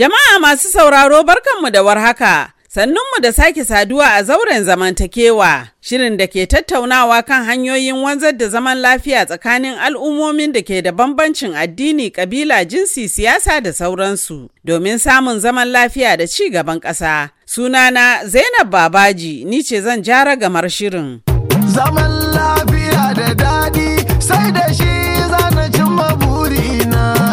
Jama'a masu sauraro barkanmu da warhaka. Sannunmu da sake saduwa a zauren zamantakewa, shirin da ke tattaunawa kan hanyoyin wanzar da zaman lafiya tsakanin al'ummomin da ke da bambancin addini, kabila, jinsi, siyasa da sauransu, domin samun zaman lafiya da ci gaban ƙasa. Sunana Zainab Babaji, ni ce zan jara gamar shirin. Zaman lafiya da daɗi sai da shi zana cimma burina.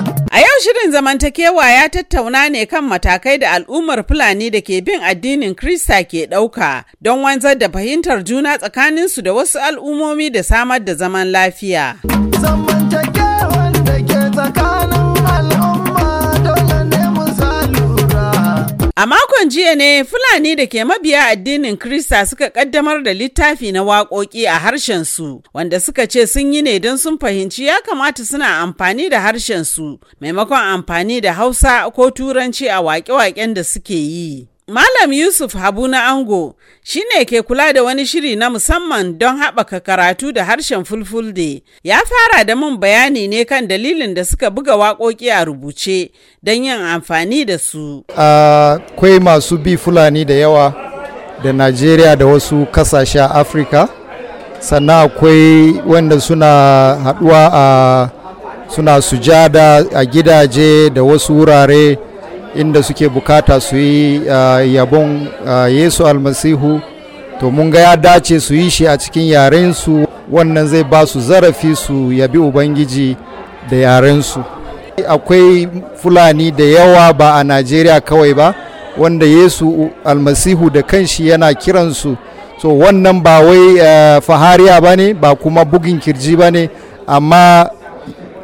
Yau shirin zamantakewa ya tattauna ne kan matakai da al'ummar Fulani da ke bin addinin Krista ke ɗauka don wanzar da fahimtar juna tsakaninsu da wasu al'ummomi da samar da zaman lafiya. Zama A makon jiya ne Fulani da ke mabiya addinin Krista suka kaddamar da littafi na waƙoƙi a harshen su, wanda suka ce sun yi ne don sun fahimci ya kamata suna amfani da harshen su maimakon amfani da Hausa ko Turanci a waƙe-waƙen da suke yi. Malam Yusuf Habu na Ango shi ne ke kula da wani shiri na musamman don haɓaka karatu da harshen Fulfulde. Ya fara da mun bayani ne kan dalilin da suka buga waƙoƙi a rubuce don yin amfani da su. Akwai masu bi Fulani da yawa da Najeriya da wasu kasashe a Afirka. Sannan akwai wanda suna haɗuwa a suna sujada a gidaje da wasu wurare. inda suke bukata su yi ah, yabon ah, yesu almasihu to mun ga ya dace su yi shi a cikin yarensu wannan zai ba su zarafi su yabi ubangiji da yarensu akwai fulani da yawa ba a najeriya kawai ba wanda yesu almasihu da kanshi yana kiransu so wannan ba wai ah, fahariya ba ne ba kuma bugin kirji ba ne amma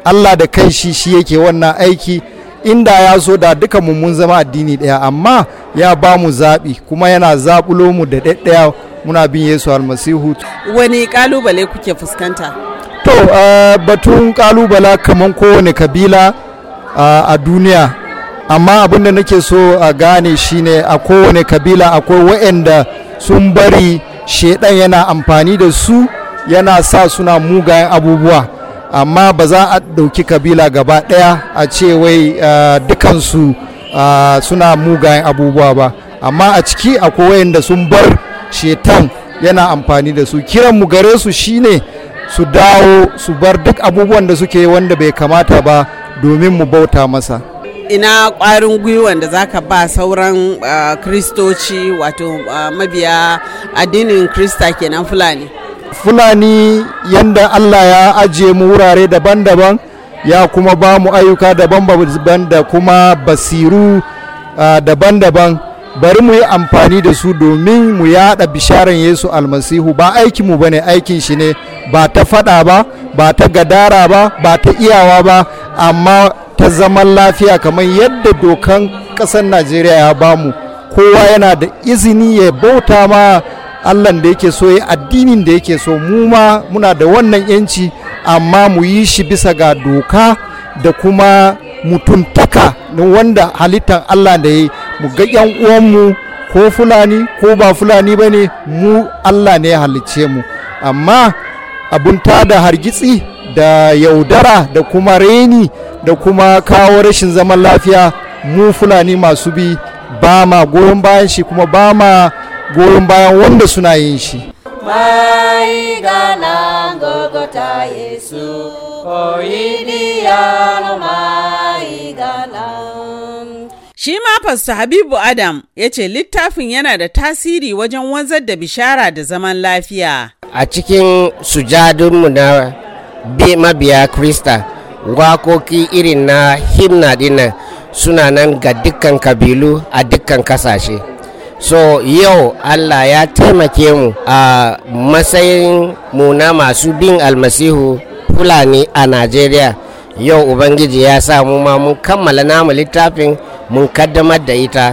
allah da kanshi shi yake wannan aiki inda ya so da duka mun zama addini daya amma ya ba mu zaɓi kuma yana zaɓulo mu da ɗaya muna bin yesu almasihu wani ƙalubale kuke fuskanta to eh, batun ƙalubala kamar kowane kabila eh, a duniya amma abin da nake so a gane shine a kowane kabila akwai wa'anda sun bari shaidan yana amfani da su yana sa suna mugayen abubuwa amma ba za a ɗauki kabila gaba ɗaya a ce wai uh, dukansu uh, suna mugayen abubuwa ba amma a ciki akwai wayanda sun bar shetan yana amfani da su kiran mu gare su shine su dawo su bar duk abubuwan da suke wanda bai kamata ba domin mu bauta masa ina kwarin gwiwan da zaka ba sauran uh, kristoci wato mabiya addinin krista kenan fulani fulani yanda allah ya ajiye mu wurare daban-daban ya kuma ba mu ayyuka daban-daban da kuma basiru daban-daban bari mu yi amfani da su domin mu yada bisharan yesu almasihu ba aikinmu ba ne aikin shi ne ba ta fada ba ba ta gadara ba ba ta iyawa ba amma ta zaman lafiya kamar yadda dokan kasar najeriya ya bamu kowa yana da izini ya bauta ma allah da yake so ya addinin da yake so mu ma muna da wannan yanci amma mu yi shi bisa ga doka da kuma mutuntaka na wanda halittar allah da ya yi mu ga yan uwanmu ko fulani ko ba fulani ba ne mu allah ne ya halicce mu amma abun da hargitsi da yaudara da kuma reni da kuma kawo rashin zaman lafiya mu fulani masu bi ba ma goyon bayan shi kuma ba ma goyon bayan wanda suna yin shi mai gana gogota yesu oyidiyan mai gana Shi ma Fasta Habibu Adam ya ce littafin yana da tasiri wajen wanzar da bishara da zaman lafiya. A cikin sujadunmu na mabiya Krista, wakoki irin na himna dinnan suna nan ga dukkan kabilu a dukkan kasashe. so yau allah ya taimake mu a matsayin mu na masu bin almasihu fulani a najeriya yau ubangiji ya sa mu ma mun kammala namu littafin mun kaddamar da ita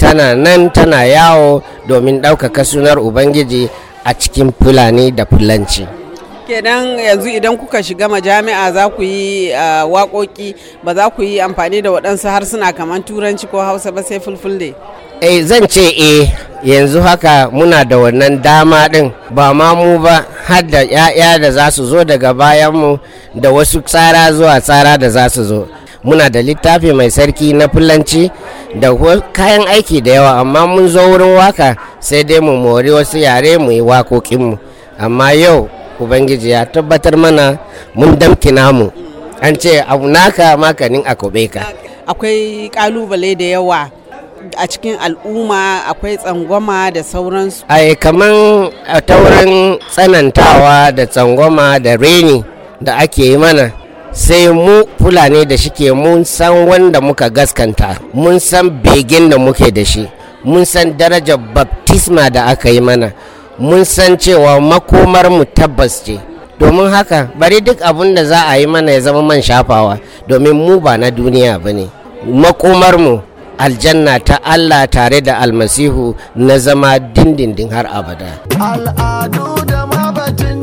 tana nan tana yawo domin ɗaukaka sunar ubangiji a cikin fulani da fulanci. kenan yanzu idan kuka shiga majami'a za ku yi waƙoƙi ba za ku yi amfani da waɗansu harsuna kamar turanci ko hausa ba sai fulfulde eh zan ce e yanzu haka muna da wannan dama ɗin ba ma mu ba har da 'ya'ya da za su zo daga bayan mu da wasu tsara zuwa tsara da za su zo muna da littafi mai sarki na fulanci da kayan aiki da yawa amma mun zo wurin waka sai dai mu mori wasu yare mu yi waƙoƙinmu amma yau ubangiji ya tabbatar mana mun damki namu an ce abu naka makanin a kobe ka akwai kalubale da yawa a cikin al'umma akwai tsangwama da sauransu ai kaman ta wurin tsanantawa da tsangwama da reni da ake yi mana sai mu fulani da shi ke mun san wanda muka gaskanta mun san begin da muke da shi mun san darajar baptisma da aka yi mana mun san cewa makomar mu tabbas ce domin haka bari duk abun da za a yi mana ya zama man shafawa domin mu ba na duniya ba ne Makomarmu, aljanna ta Allah tare da almasihu na zama dindindin har abada al'adu da mabatin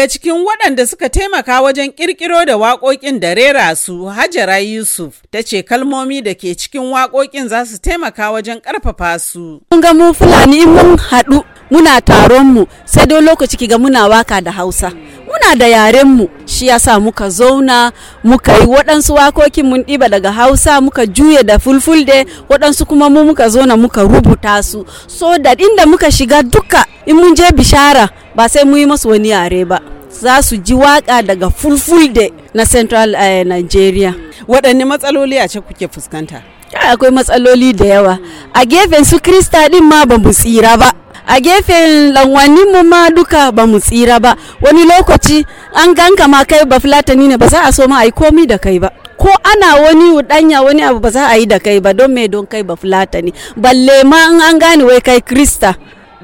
daga cikin waɗanda suka taimaka wajen ƙirƙiro da waƙoƙin da rera su Hajara Yusuf ta ce kalmomi da ke cikin waƙoƙin za su taimaka wajen ƙarfafa su. Mun ga mu Fulani mun haɗu muna taron mu sai dai lokaci ga muna waka da Hausa. Muna da yaren mu shi yasa muka zauna muka yi waɗansu wakokin mun ɗiba daga Hausa muka juye da fulfulde waɗansu kuma mu muka zauna muka rubuta su so da inda muka shiga duka in mun je bishara ba sai mu yi masu wani yare ba za su ji waka daga fulfulde na central uh, nigeria waɗanne matsaloli a ce kuke fuskanta akwai matsaloli da yawa a gefen su krista din ma ba mu tsira ba a gefen lanwani mu ma duka ba mu tsira ba wani lokaci an ganka ma kai ba fulatani ne ba za a so ma a yi komi da kai ba ko ana wani danya wani abu ba za a yi da kai ba don me don kai ba fulatani balle ma an gane wai kai krista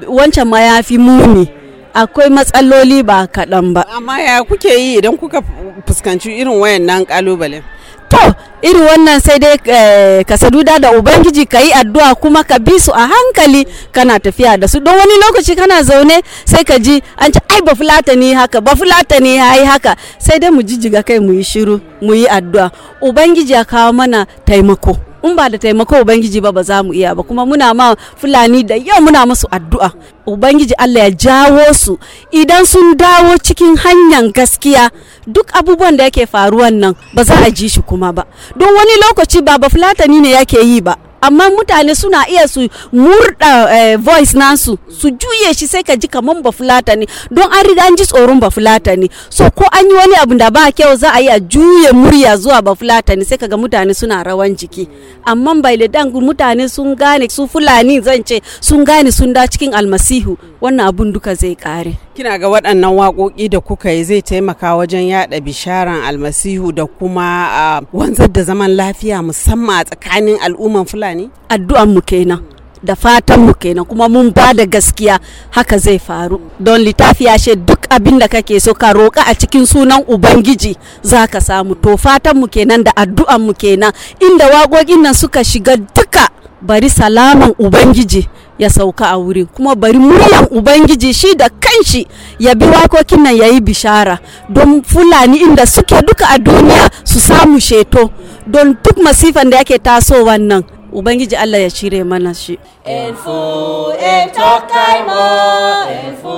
wancan ma ya fi muni akwai matsaloli ba kaɗan ba amma ya kuke yi idan kuka fuskanci irin wayan nan kalubale. to irin wannan sai dai eh, ka saduda da ubangiji ka yi addu'a kuma ka bi su a hankali kana tafiya da su don wani lokaci kana zaune sai ka ji an ci ai ba ni haka ba fulata ni ya yi haka sai dai mu jijjiga kai mu yi shiru mu yi addu'a ubangiji ya kawo mana taimako in ba da taimako ubangiji ba ba za mu iya ba kuma muna ma fulani da yau muna masu addu'a ubangiji allah ya jawo su idan sun dawo cikin hanyar gaskiya duk abubuwan da yake faruwan nan ba za a ji shi kuma ba don wani lokaci ba ba fulatani ne yake yi ba amma mutane suna iya su murda eh, voice nasu su juye shi sai ka ji kaman ba fulata ne don an riga an ji tsoron ba fulata ne so ko an yi wani abu da ba kyau za a yi a juye murya zuwa ba fulata ne sai kaga mutane suna rawan jiki amma bai dan mutane sun gane su fulani zan ce sun gane sun da cikin almasihu wannan abun duka zai kare kina ga waɗannan waƙoƙi da kuka yi zai taimaka wajen yaɗa bisharan almasihu da kuma uh, wanzar da zaman lafiya musamman a tsakanin al'umman fulani Allah addu'an mu kenan da fatan mu kenan kuma mun ba da gaskiya haka zai faru don littafi ya ce duk abin da kake so ka roƙa a cikin sunan ubangiji za ka samu to fatan mu kenan da addu'an mu kenan inda wakokin nan suka shiga duka bari salaman ubangiji ya sauka a wuri kuma bari muryan ubangiji shi da kanshi ya bi wakokin nan ya yi bishara don fulani inda suke duka a duniya su samu sheto don duk masifan da yake taso wannan ubangiji allah ya cire mana shi elfu etokaimo elfu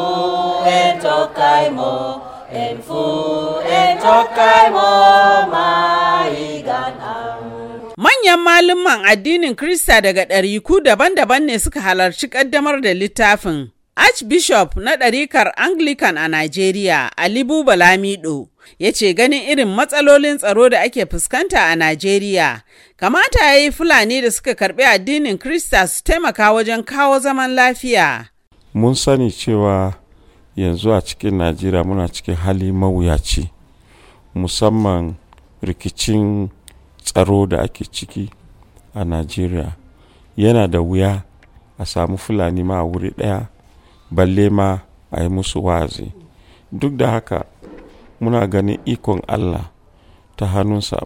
etokaimo elfu etokaimo Manyan malaman addinin Krista daga ɗariku daban-daban ne suka halarci ƙaddamar da littafin. Archbishop na ɗarikar Anglican a Najeriya, Alibu Balamido, ya ce ganin irin matsalolin tsaro da ake fuskanta a Najeriya, kamata ya yi Fulani da suka karɓi addinin Krista su taimaka wajen kawo zaman lafiya. Mun sani cewa yanzu a cikin Najeriya muna cikin hali mawuyaci, musamman rikicin tsaro da ake ciki a Najeriya. Yana da wuya a samu Fulani ma a wuri ɗaya. balle ma a yi musu wa'azi duk da haka muna ganin ikon allah ta hannunsa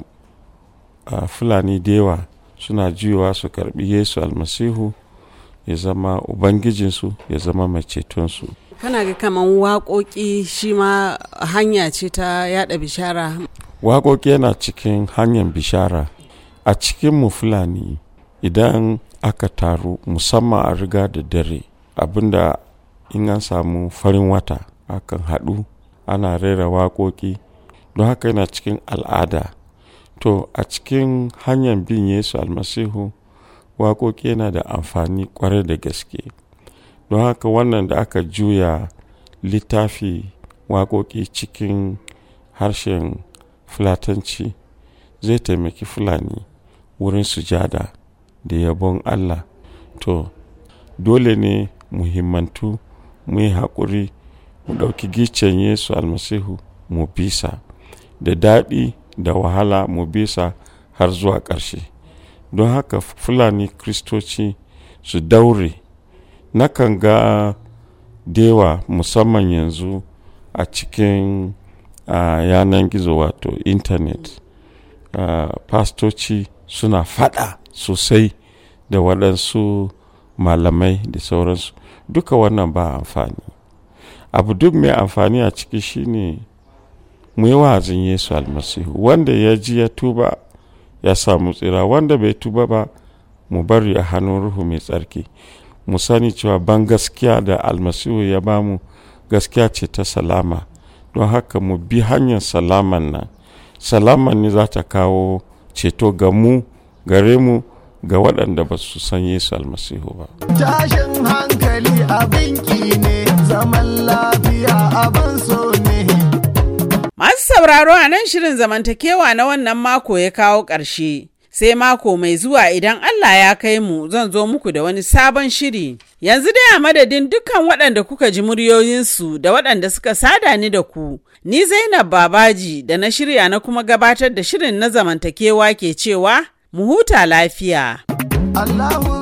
a fulani dewa suna jiwa su karbi yesu almasihu ya zama ubangijinsu ya zama mai cetonsu kana ga kaman waƙoƙi shi ma hanya ce ta yada bishara waƙoƙi yana cikin hanyar bishara a cikin mu fulani idan aka taru musamman a riga da dare abinda in an samu farin wata akan haɗu ana rera waƙoƙi don haka yana cikin al'ada to a cikin hanyar bin yesu almasihu waƙoƙi yana da amfani ƙwarai da gaske don haka wannan da aka juya littafi waƙoƙi cikin harshen fulatanci zai taimaki fulani wurin sujada da yabon allah to dole ne muhimmantu mu yi haƙuri mu ɗauki gicen yesu almasihu mu bisa da daɗi da wahala mu bisa har zuwa ƙarshe don haka fulani kristoci su daure nakan ga dewa musamman yanzu a cikin yanar gizo wato intanet pastoci suna faɗa sosai da waɗansu malamai da sauransu duka wannan ba amfani abu duk mai amfani a ciki shine mu yi wa'azin yesu almasihu wanda ya ji ya tuba ya samu tsira wanda bai tuba ba mu bari a hannun ruhu mai tsarki mu sani cewa ban gaskiya da almasihu ya bamu gaskiya ce ta salama don haka mu bi hanyar salaman nan salaman ne za ta kawo ceto ga mu gare mu ga waɗanda ba su san yesu almasihu ba tashin hankali abinki ne zaman lafiya abin so ne. Masu sauraro a nan shirin zamantakewa na wannan mako ya kawo ƙarshe. Sai mako mai zuwa idan Allah ya kai mu zan zo muku da wani sabon shiri. Yanzu dai a madadin dukkan waɗanda kuka ji muryoyinsu da waɗanda suka sada ni da ku, ni Zainab Babaji da na shirya na kuma gabatar da shirin na zamantakewa ke cewa mu huta lafiya. Allahu